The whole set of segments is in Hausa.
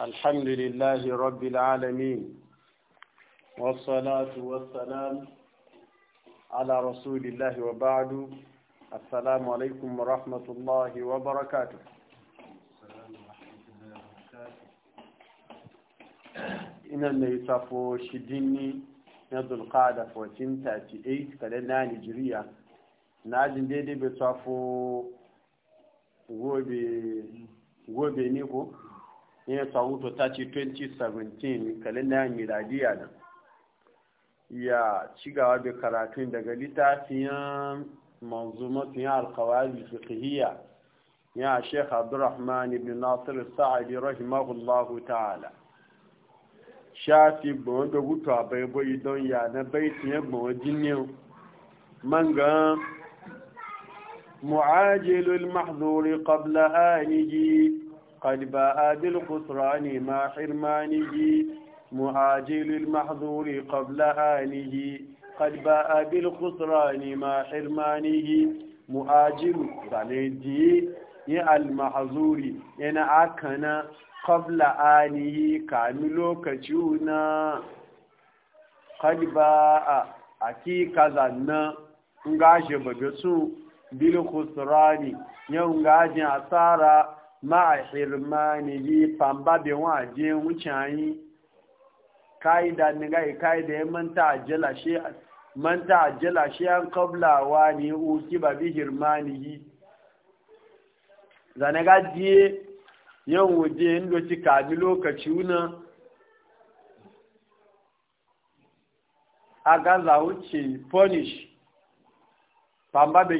الحمد لله رب العالمين والصلاة والسلام على رسول الله وبعد السلام عليكم ورحمة الله وبركاته إن النيسافو شديني يد القاعدة 1438 كالنا نيجيريا ناجن ديدي بتوافو gobe ne ko ya tsawuto ta ce 2017 kalendar miladiya nan ya cigawa da karatun daga littafiyan tun ya alkawari fiqhiyya ya sheikh abdurrahman ibn nasir sa'adi rahimahullahu ta'ala shafi gbọ́n da wuto a baibo idon ya na baitin ya gbọ́n jinnin man ga mu'ajilul mahzuri qabla anihi قد باء بالقصران مع حرمانه معاجل المحظور قبل آنه قد باء بالقصران مع حرمانه معاجل بلدي يا المحظور ينا أكنا قبل آنه كامل كتونا قد باء hakika zannan in gashi baga su bil khusrani yau gashin ma yi pamba be wa je wucayi kaida ni ga kaida man ta ajela shi man ta shi an qabla wa ni ba bi hirmanihi zane ga die yan waje indo ci bi lokaci una a gaza wuce punish pamba be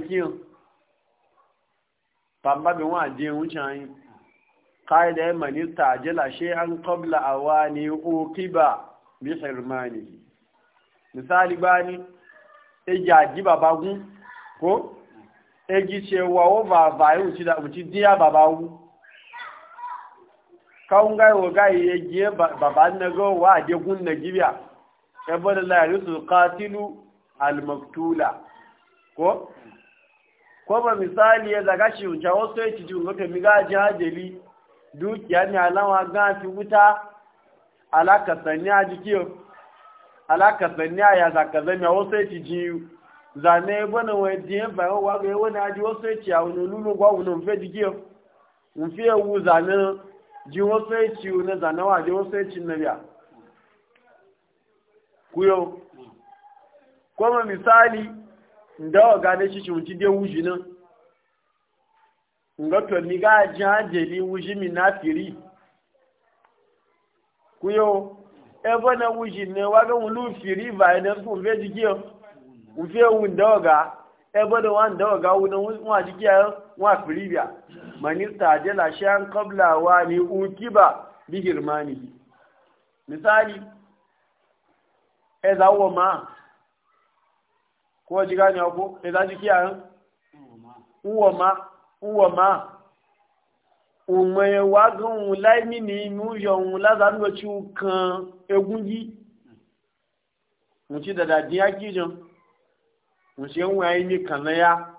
famba bin wa je wucin qaida ya manista a shay'an qabla awani uqiba bi hirmanihi misali bani eji ba babagun ko eji cewa o baba yi uci da uci diya babawu kawun gai wa gai ya giye baba na ga wa a dekun na gibiya ebe da larisu katilu al-maktula ko ko ba misali ya zaga shi wuce wasu ya ji wuce miga jihadeli dukiya ne alama fi wuta alakasanni a jikiyo alakasanni a ya zaka zami a wasu ya ji zane bana wa diye bayan wa ga wani aji wasu ya ci a wani lulu gwa wani mfe jikiyo mfe wu zane ji wasu ya ci wani zane wa ji wasu ya ci na biya kuyo kuma misali nda oga na shi cunci dai wuji nan nga to mi ga jajeli wuji mi na firi kuyo e bo na wuji ne waga wulu firi ba na ku ve jikiyo ku fe wu nda oga ebo da wan da oga wu na wa jikiyo wa firi biya manista jela shan qabla wa ni ukiba bi girmani misali e zawo ma ko ji gane ko sai eh, za ji kiyayen uwa ma uwa ma umaye wa gan wula mini inu yawon lazanu da ciwo kan egun e e yi mace da dadiya kijin mace yan waye ne kana ya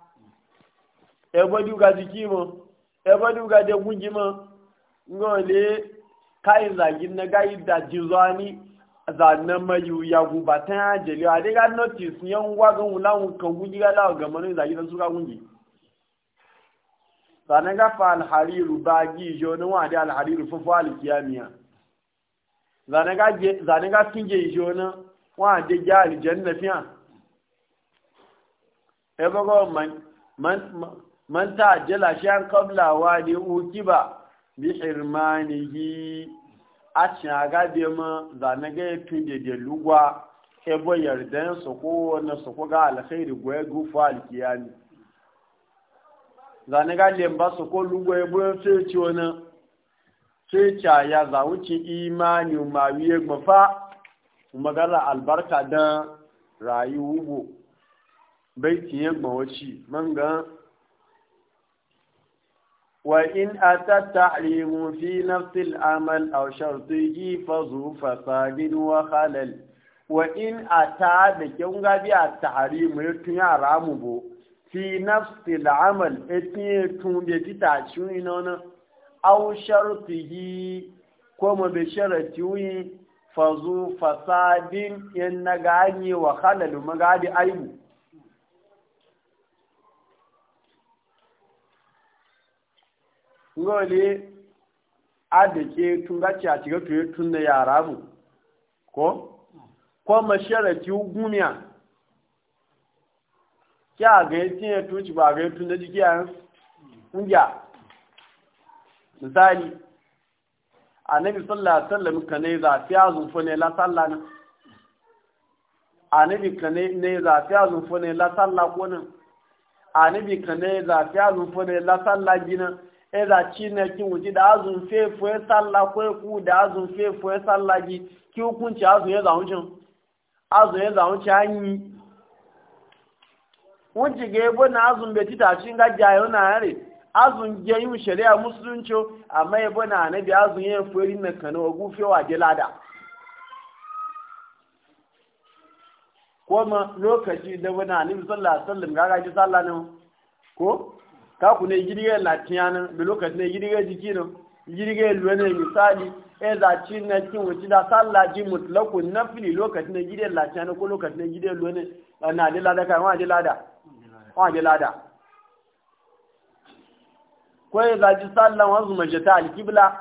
ebe duka jiki ma ebe duka da gungi ma ngole kayan zagi na gayi da jizani zane mayu ya guba ta ya jeli a dai ga notice yan wa ga wulan kan guji ga lawa ga manu zagi dan suka gungi sanan ga fa alhariru ba gi jo ni wa da alhariru hariru fa fa al zane ga zanen ga kinje jo ne wa da ga al janna fiya e ba go man man man ta jala shan qabla wa ni ukiba bi hirmanihi a cin aga bai ma zane ga ya tun da lugwa ebo yardan su ko na su ko ga alkhairi goye gufa alkiyami zane ga lemba su ko lugwa ebo ya ce ce wani ce ya za wuce imani ma wiye gbafa magana albarka don rayu ugbo bai tiye gbawaci man gan وإن أتى التعليم في نفس العمل أو شرطه فذو فساد وخلل وإن أتى بكيون غبي التعليم يتنى رامبو في نفس العمل يتنى يتنى يتنى أو شرطه كما بشرطه فذو فساد ينغاني وخلل مغادي أيبو ngoli adake tun gaci a cikin tuye tun da yara mu ko ko masharaki gumiya kya ga tu ci ba ga tun da jiki a kungiya misali annabi sallallahu alaihi wasallam kanai za fiya zunfu ne la sallana anabi kanai ne zafi a zunfu ne la sallah kunan anabi kane zafi a zunfu ne la sallah gina ẹ̀dà tí e e na kí wùn ti da azùn fẹ́ fún ẹ sálà kó ẹkú da fẹ́ fún ẹ sálà yìí kí ó kún tí azùn yẹn zàwọn jẹun azùn yẹn zàwọn a yin wọ́n ti gẹ̀ ẹgbẹ́ a azùn bẹ̀ títà tí ń gájà ẹ̀ ọ̀nà rẹ̀ azùn jẹ́ yín ṣẹlẹ̀ àmúṣúrúnṣọ àmọ́ ẹgbẹ́ na ànábi azùn yẹn fún erin na kàn ọgbọ́n fẹ́ wà ládà. kọ́mọ kaku ne girgiyar latiyanin da lokacin ne girgiyar jikinin girgiyar luwanin misali eh, za zaci na cikin wuci da sallaji mutlakun na fili lokacin ne girgiyar latiyanin ko lokacin ne girgiyar luwanin eh, na da lada kai, wa da lada wa da lada ko ya zaci zuma jata al kibla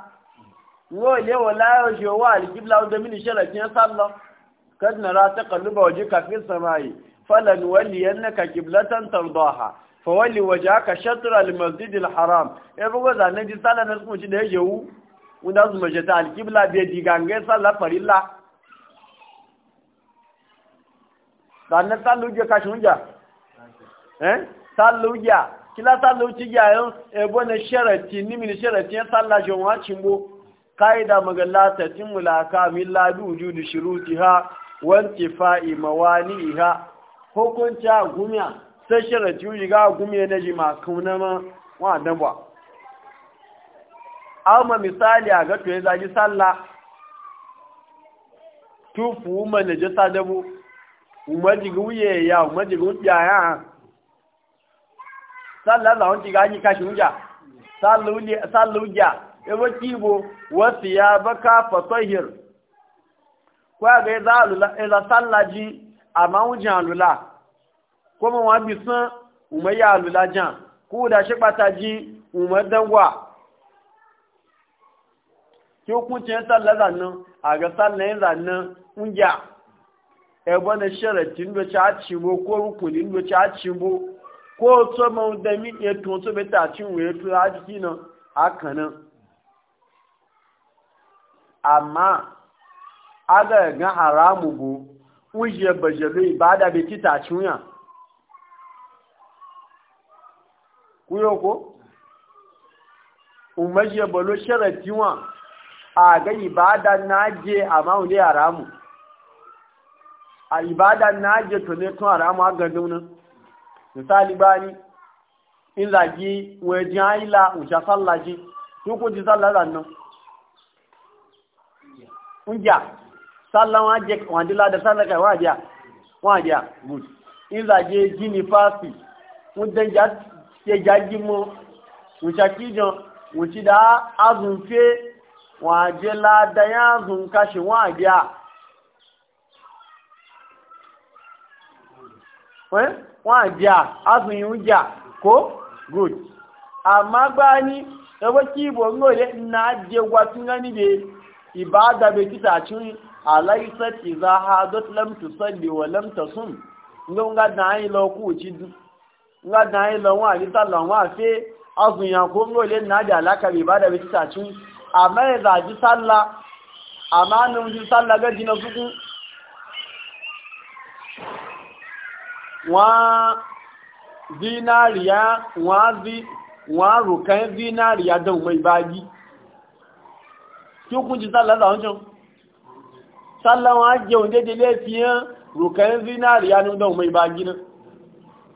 wo le wala yo jo wa alkibla da mini sharafin sallan kad nara ta kalluba fi kafin samayi falan waliyannaka kiblatan tardaha fawali waje aka shatura almasjidil haram ebe bugu zanen ji sallah na sukunci da ya yewu wanda su mace ta alkibla bai digange sallah farilla zanen sallah ujiya kashi hunja eh sallah ujiya kila sallah ujiya yayin e, ebe na sharati ni min sharati ya e, sallah shi wa cimbo kaida magalla ta timmula ka la bi wujudu shurutiha wa intifa'i ha hukunta gumiya sai sharaci yi ga gumiye na ji makon nama wa dabwa amma misali a gato ya zagi sallah tufu umar na jasa dabu umar jiga wuye ya umar jiga wuya ya sallah za wanci ga yi kashi wuya sallah wuya ewa kibo wasu ya baka fasahir kwa ga ya za a lula ya za sallah ji amma wujan lula kuma wa bi san umar ya alulajan ko da shi pàtàkì umar dangwa kí ó kún tiẹ́ sálẹ̀ lànà àgẹ́ sálẹ̀ lànà ń yà ẹ̀bọ́n ní ṣẹlẹ̀ tí ń lọ ṣe àtìmó kó rúkùn ní lọ ṣe àtìmó kó o tó mọ ohun dẹ́mí ètò tó bẹ tà tí òun ètò àdìsí náà àkànnà. àmọ́ agẹ̀gán haramu bò ń yẹ bẹ̀jẹ̀ lóyìn bá dàbí títà tí kuyo ko umarje balo sharafi wa a ga ibada na a ma'ule haramu a ibada naje to ne to haramu a gandun nan misali bani in zagi wajen haila wuce sallaji tun kuji sallar nan ƙungiya sallan wandila da sallar kai wajiya wajiya good in zage gini fasi mudan ke jagi mu wuce waje ladaya azun kashe wa biya wa biya azun yi wuja ko good amma gbani ẹwọ́ kí ìbò ń lòye na jẹwa tí wọ́n níbi ìbádàbẹ̀ títà cin aláìsẹ́ ti za ha sun ń lọ kú nga da yi lanwa a gita lanwa a fe azunya ko nole na da alaka bai ba da bai tace amma ya zaji salla amma nan ji tí ó kún jí sálà láwọ́jọ́ á jẹun dédé lẹ́fihàn rukan zinariya ní ọdún mai náà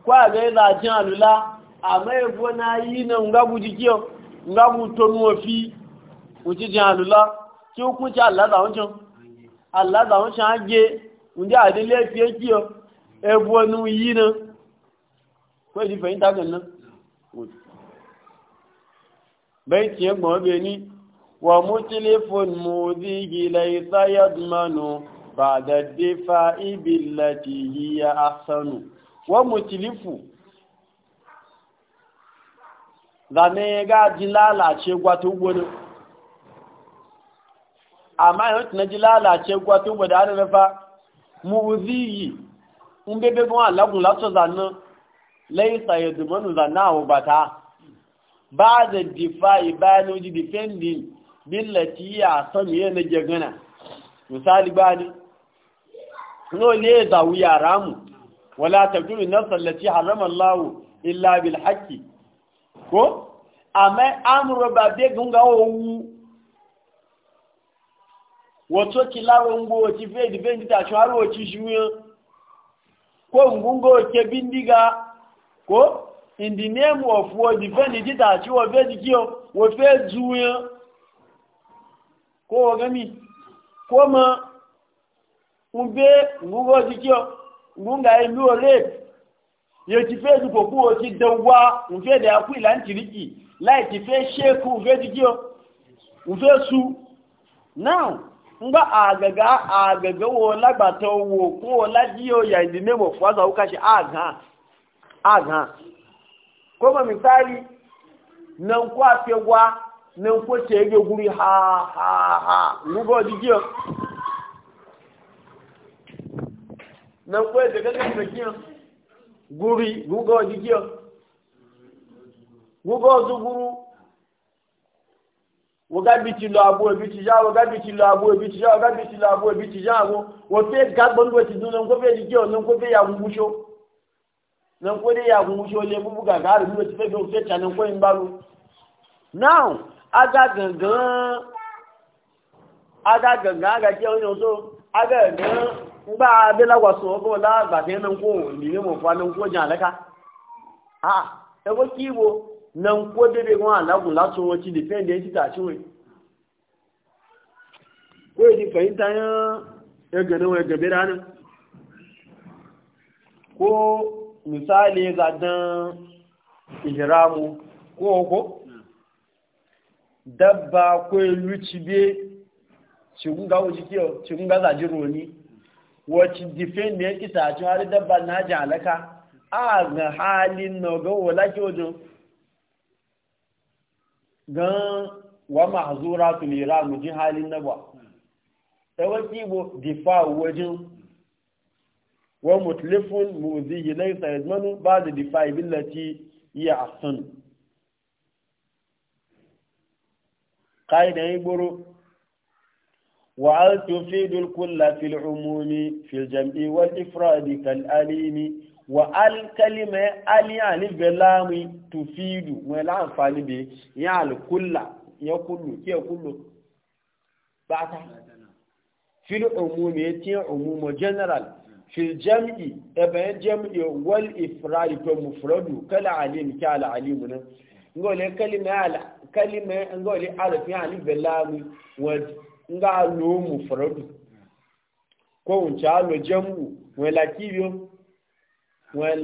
kwa ga yana jin alula amma yabo na yi na ngabu jikiyo ngabu tonu ofi uji jin alula ki ku ci Allah da wancin Allah da wancin age unde adile fiye kiyo ebo nu yi na ko di fahimta kan nan bai ci gbo be ni wa mutilifun mudhihi laysa yadmanu ba'da difa'i billati a sanu. wa mutilifu zane ga ji lalace gwato wani amma yanzu na ji lalace gwata wani da ana nufa muziyi in bebe gwa lagun lato zanen laisa ya zumanu zanen abu bata ba da difa'i bayan oji defending billati ya sami yana jagana misali ba ne no ne zawu yara mu wala taqtulu nafsan allati harrama Allah illa bil haqqi ko amma amru ba be gunga owu wato kilawo ngo ti fe di ben ta shwaro ti shuyo ko ngungo ke bindiga ko in the name of wo di ben ti ta chi wo be di kiyo wo fe ko gami ko ma un ngungo di ngunga yi luwa rape ya ti fe zuko kuwa ti dawa nfe da ya ku ila ntiriki lai ti fe sheku nfe jikiyo nfe su now ngba agaga agaga wo lagbata owo kun o lajiyo ya in the name of waza uka se aga aga kuma misali na kwa fewa nan ko ce guri ha ha ha ngugo jikiyo na kwai da gaga da kiyo guri gugo wa kiyo gugo zu guru woga biti lo abo ebi ti ya woga biti lo abo ebi ti ya woga biti lo abo ebi ti ya wo wo fe ga gbondo ti dun nko fe di kiyo nko fe ya ngusho nko de ya ngusho le bubu ga ga ru ti fe do fe cha nko imbaru now aga gangan aga gangan aga ti onyo to aga gangan ngba abela waso ko la ba te nan ko ni mo fa nan ko jan laka a e ko kibo nan ko de de alagun la gun la so wo ti depende ti ko di fahimta ya e ga no e ga ko misali ga dan ihramu ko ko dabba ko luci be ci gun ga wuji kiyo ci wacce difen ne itacen har dabba na ji alaka? a ga halin na ga wala kyojin gan wa mahazura tulira mu ji halin na ba tsawaki bo difa wajen wa mutlifun muzihi laisa yadmanu ba da difa billati iya ahsan yi igboro وأن تفيد الكل في العموم في الجمع والإفراد كالأليم والكلمة ألي يعني بلام تفيد ولا أنفاني به يعني الكل يكل كي يكل بعد في العموم يتي عموم جنرال في الجمع ابن جمع والإفراد كمفرد كالعليم كالعليم نقول كلمة كلمة نقول عرف يعني بلام وجه nga lo mufradu ko wunce alo jam'u wọn la kibiyo amu wọn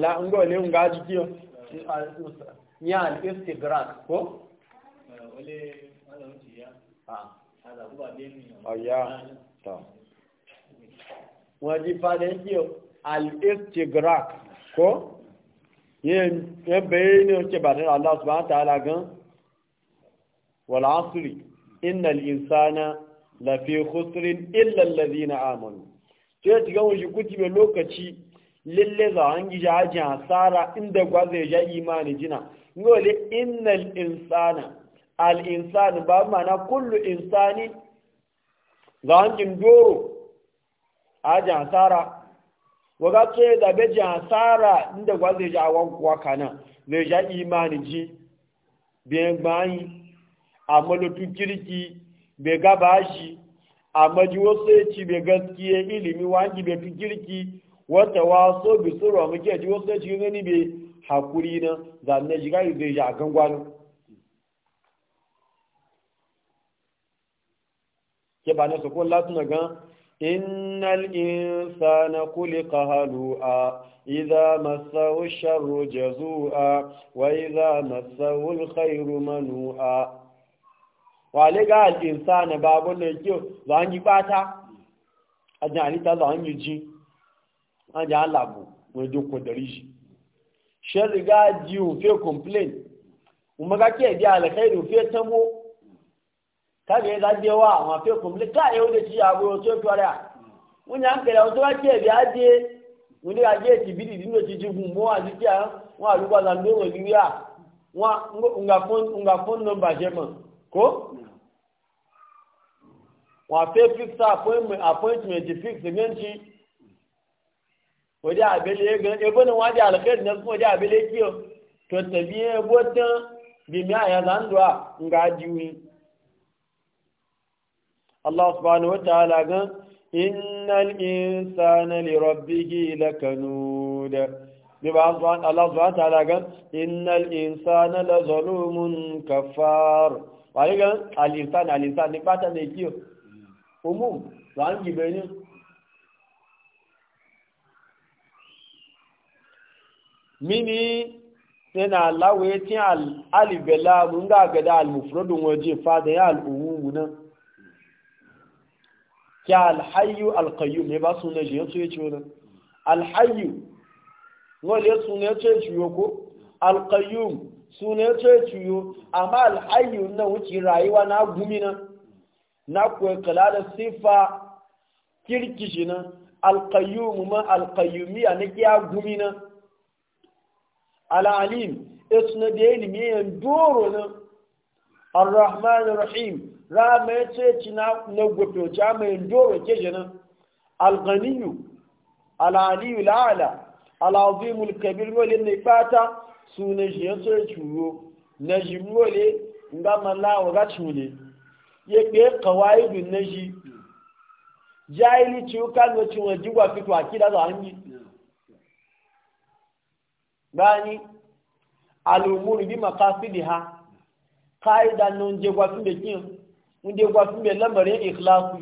la nga al istigrak ko ole ala wuce ya ha ala kuba demi ko yẹn bẹ̀rẹ̀ ní oúnjẹ bàtẹ́ Allah subhanahu wa ta'ala gan wal asri innal insana lafi khusrin illa alladhina amanu to ya tiga wani kuti bai lokaci lalle za an gija hajji hasara inda gwaza ya imani jina ngole innal insana al ba mana kullu insani za an gin doro hajji hasara waga tsaye da beji asara inda zai ji awon kuwa kana zai ja imani ji biyan gbayi a malotun kirki bai gaba shi a maji wasu ya ci bai gaskiye ilimi wangi bai fi kirki wata waso bi tsoro muke ji wasu ya ci gani bai hakuri na zanen shiga yi zai ja a gangwanin ke ba na latin gan In nalinsa na kulika hannu'a, idan masau sharu je zuwa, wai za ma saurin kairu manu'a. Wa ne ga al'imsa na babur na kyau? Za a yi kwayata. Ajin ali ta za a yi aji allabu wani duk wa ɗari shi. Shari'a gaji ufiya kumfilin. Kuma ka ce biya alkhairi uke tabo. káàkiri ẹ̀ka dé wá àwọn afẹ́kùn mi káàyè ó lè ṣe àbúrò tó tó rẹ̀ wọ́n yà ń kẹ̀lẹ̀ àwọn tó bá tiẹ̀ bí á dé wọ́n ní adé ti bí dìdí ní òtítì gùn mọ́ àti tí wọ́n àlùbọ́sà ló wọ̀ ní wíyà wọ́n nga fóònù nọmba jẹ́ mọ̀ kó wọ́n afẹ́ fixa appointment fix mẹ́ntì wọ́n dé abẹ́lé gan ebó ni wọ́n adé àlùkẹ́ ìdílé fún wọ́n dé abẹ́lé kí o tó tẹ̀lé ebó tán bìmí àyànlá ń lọ à ń ga jí wí. Allah subhanahu wa ta'ala gan innal insana li rabbihi lakanud bi ba Allah subhanahu wa ta'ala gan innal insana la zalumun kafar wani gan al insan al insan ni pata ne kiyo umum zan be ni mini tena lawe tin al alibela mun ga gada da al mufradun waje fa da ya al umumu nan kya alhayu alkayu ne ba suna shi ya tsoye ciwo nan alhayu wani ya suna ya tsoye ciwo ko alkayu suna ya tsoye ciwo amma alhayu na wuce rayuwa na gumi nan na kwekala da sifa kirkishi nan alkayu ma miya na kiya gumi nan alalim ya suna da ilimi yan doro nan الرحمن الرحيم rama ya ce ci na gwafoci mai doro ke jinin alganiyu al'aliyu la'ala al'azimul kabir wale ne fata su na shi yanzu ya curo na shi wale nga malawa ga cune ya ke kawai dun na shi jahili ciwo kan wacin wajen gwafito a kida za hangi gani al'umuri bi makasidi ha ka'ida nan je gwafin da kiyan wunde kwa tun mai lamarin ikhlasu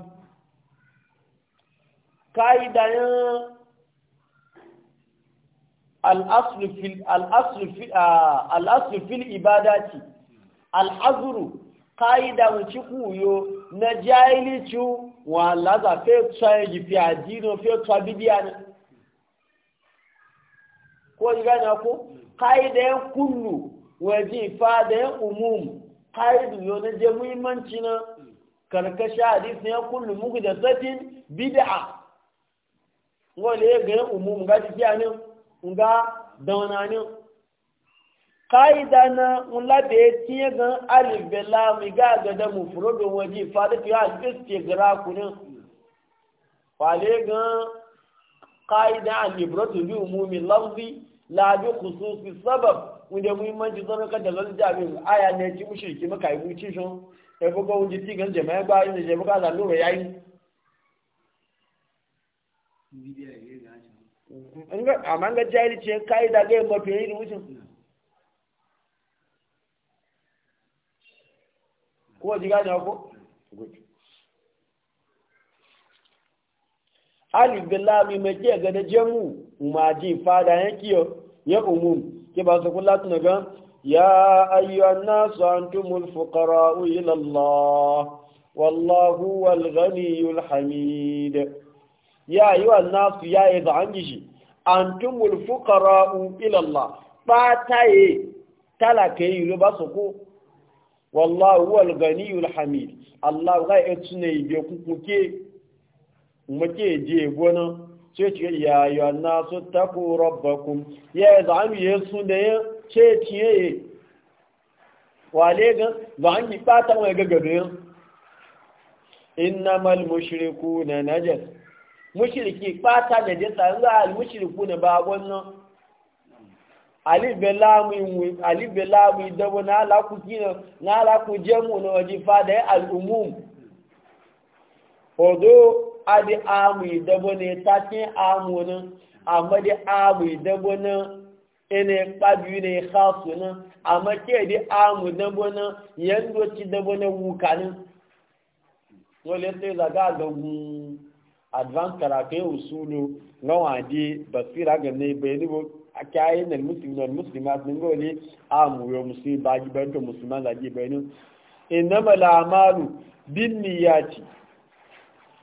ka'idayen al'asru fil ibadati al'azuru ka'ida wuci kuyo na jahilici wa laza fe tsaye jifi adino fe tsaye ne ko ji gani ko kullu wajen fadayen umumu ƙa'idu yau na je muhimmanci na karkashin hadisi ya kullu muku da zatin bid'a wanda ya ga umu ga ne, nga dawana ne. ka'ida na nlabe ya tiye gan alif bela mai ga gada mu furo da waje fada fiye a fiske gara kunin kwale gan ka'ida alibrotu bi umumi lafzi labi khususi sabab wanda muhimmanci zama kan da zan jami aya ne ji mushriki maka yi buci shon sai buga wunji tigan jama'a ba yin da jama'a zan lura yayi amma ga jahili ce kai da ga mafi yi da wucin ko ji gane ko Ali bilami mai ke ga da jemu ma ji fada yankiyo ya umum ke ba su kula tuna ga ya ayyuhan nasu antumul fuqara'u ila Allah wallahu wal ghaniyul hamid ya ayyuhan nasu ya yi da an gishi antumul fuqara'u ila Allah ba ta yi talaka yi lo ba su ko wallahu wal ghaniyul hamid Allah ga ya tuna yi be kuke mu ke je gona sai ce ya yi wannan su taku rabbakun ya yi za mu yi su da ya ce ciye Wa gan ba an yi ɓata mai gagarin innamal mushriku na najas mushriki ɓata da jesa za a mushriku na babon nan alibe lamu idabo na alaku kina na alaku jemu na waje fada ya al'umum odo adi amu idabo ne takin amu nan amma di amu idabo nan ene kpabiyu ne khasu nan amma ke di amu idabo nan yan ci idabo na wuka nan wale se zaga ga gun advance karate usulu na wadi basira ga ne bai nibo a kyayi na musulmi na musulma sun gole amu yo musulmi ba gibar da musulman zage bai nan inna malamalu bin niyati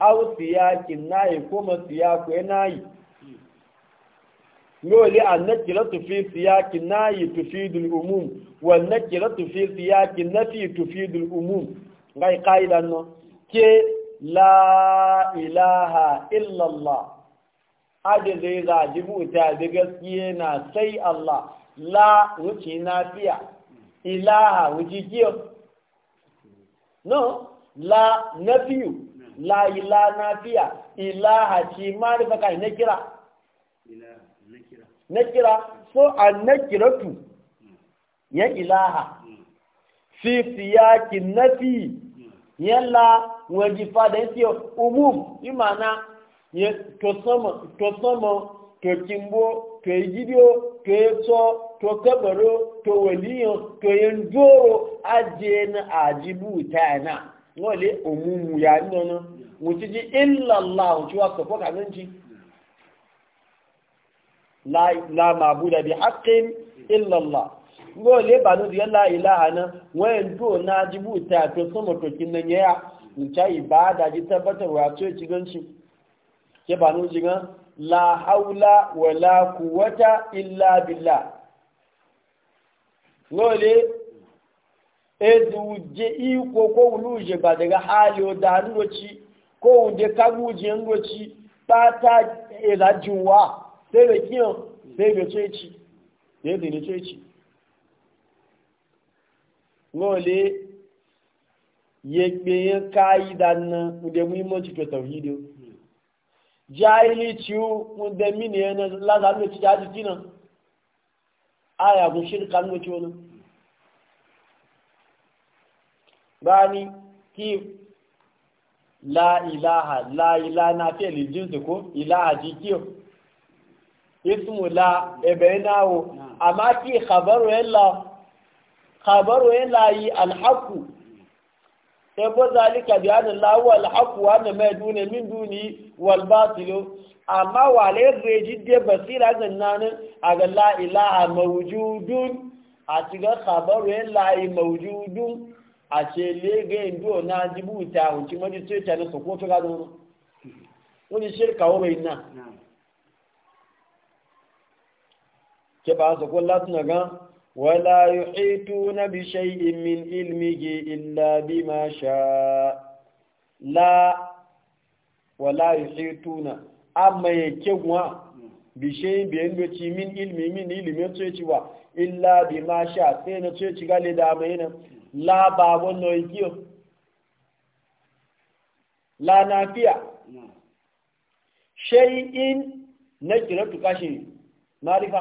au siyakin ko kuma siyaku ya nayi li an nakira tufi na yi tufi dul umum wa nakira tufi na fi tufi dul umum ngai qaida no ke la ilaha allah ade zai jibu ta de gaskiye na sai Allah la na fiya ilaha wuci kiyo no la nafiyu la ila fiya, ilaha ci marifa kai na kira na kira so a na tu, ya ilaha fi na fi yalla wajifa da yake umum imana ya to sama to sama to kimbo to gidiyo to yaso to kabaro to waliyo to yanzoro ajiye na ajibu ta na wọ́n lé òmùmù nínú mo ti di ìlàlá òjú wa sọ̀pọ̀ láàmà àbúdà bí hakim ìlàlá wọ́n lé di yẹ́lá ìlàhà wọ́n ń dò náà jíbù tẹ́ àti na yẹ́ à ìbáadà jí tabbatarwa ezu wuje iko ko wuluje ba daga hali da ndoci ko wuje kaguje ndoci bata elajuwa sai da kiyo sai da ceci sai da ceci ngole yegbe yen kai danna mude muimo ti to tawhido jahili ci mude mini yana lazalo ci jadi kina aya go shirka ngo ci wono bani ki la ilaha la ilaha na fi alijinsu ko ilaha ji kiyo ismu la ebe nawo amma ki khabaru yalla khabaru yalla yi alhaqu ebo zalika bi anna la huwa alhaqu wa anna ma duna min duni wal batil amma wale reji de basira a ga la ilaha mawjudun a tiga khabaru yalla yi mawjudun a ce lege ndo na jibuta wuce mani sai ta na sokoto ga dono wani shirka wa bai na ke ba su kun latin gan. wala yuhituna bi shay'in min ilmihi illa bi ma sha la wala yuhituna amma yake gwa bi shay'in bi ndo ci min ilmi min ilmi to ci wa illa bima sha sai na to ci gale da mai nan lába wọnà La na lánàáfíà ṣe in tu kashi marifa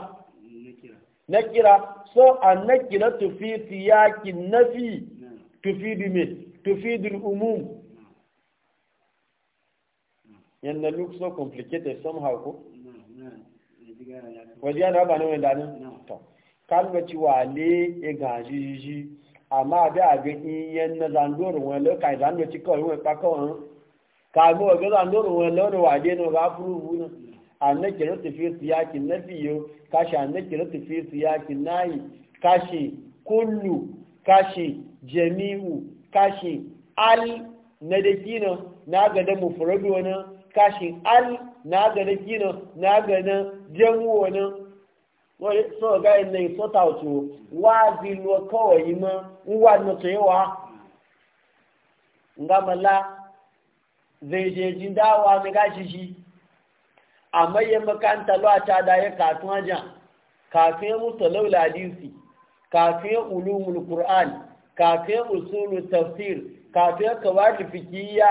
Na kira so a kira tu fi ti yá kì náfí fi bí mi tó fi dir umum yan na look so complicated somehow ko wajen na ba na wani danin ga kalmaci wale ya e gaji amma da abin iyan na zandoro wani lokaci ka ci kawai wani kakawan kamo ga zandoro wani launin wade na ba furu buna a na kira tafiye su na fiye kashi a na kira tafiye su yakin kashi kullu kashi jami'u kashi al na da kina na gada mufuradu wani kashi al na gada kina wọ́n lè sọ ọ̀gá ilẹ̀ ìsọ́ta ọ̀tún wá bí lu ọkọ̀ yìí mọ́ ń ní ọ̀tún yìí wá. zai je jin dawa ni ga shi shi amma ya makanta lo ta da ya kafin ajan kafin ya musu laula hadisi kafin Ulu, ulumul qur'an kafin ya usulu tafsir kafin ya kawati fikiyya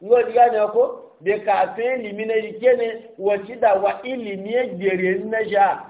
yau ne ko be kafin limina rike ne wọ́n da wa ilimi ya na sha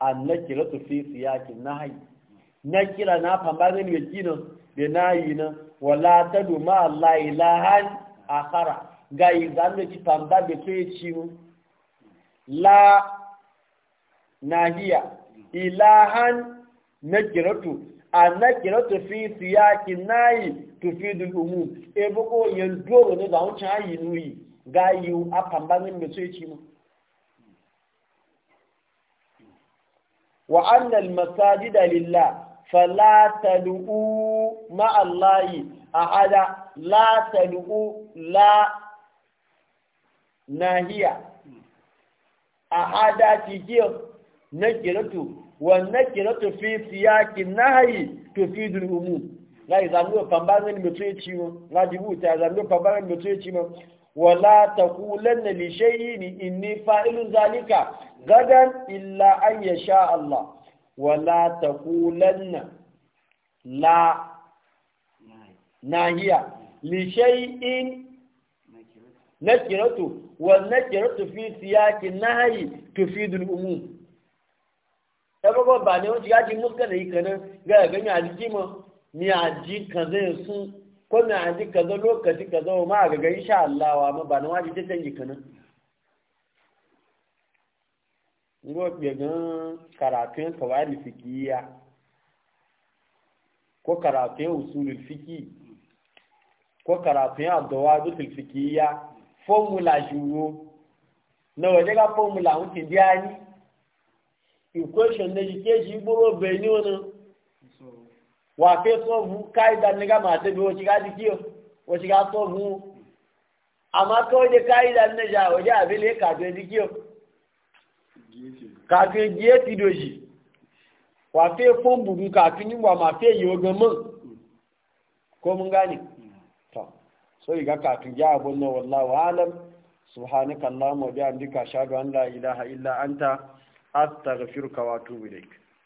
annakira tu fi siyakin nahi nakira na pambane ni kino de nayi na wala tadu ma allah ilahan akhara gai zanne ki pamba be pechi mu la nahiya ilahan nakiratu kiratu fi siyakin yi tufidu al-umum e boko yandoro ne da wucin ayi nuyi gayu a pambane ni ci mu wa annal masajida lillah fala tad'u ma allahi ahada la tad'u la nahiya ahada tijiyo nakiratu wa nakiratu fi siyaqi nahyi tufidu al-umum la izangu pambana ni mtu yechi ngo wala taqulanna li shay'in inni fa'ilun zalika gadan illa an yasha Allah wala taqulanna la nahiya li shay'in nakiratu wa nakiratu fi siyaqi nahyi tufidu al-umum sabago ba ne wani ya ji muskana yi kanan ga ganya aljima ni aji kan zai sun ko kuna haji kaza lokaci kaza ma ga gari sha Allah wa ma ba na waje ta canji kanan ngo biya gan karatun kawali fikiya ko karatu usulul fiki ko karatun adawabul fikiya formula juro na waje ga formula wuce diani equation na jike shi buro bayani wannan wà fẹ́ sọ́ọ̀bù ká ìdánilẹ́gà máa tẹ́bi wọ́n ti ká di kíọ̀ wọ́n ti ká sọ́ọ̀bù wọn. àmọ́ kọ́ọ̀dé ká ìdánilẹ́gà ọ̀jẹ́ àbẹ́lẹ́ kàdùn ẹ̀dí kíọ̀ kàdùn ẹ̀dí ẹ̀ ti dòjì wà fẹ́ fọ́ọ̀bù mu kàdùn níwà fẹ́ yìí ogun mọ́ ko mun gane to so iga kàdùn jẹ́ àbọ̀ náà wallahu alam subhanaka allahumma wa bihamdika ashhadu an la ilaha illa anta astaghfiruka wa atubu ilaik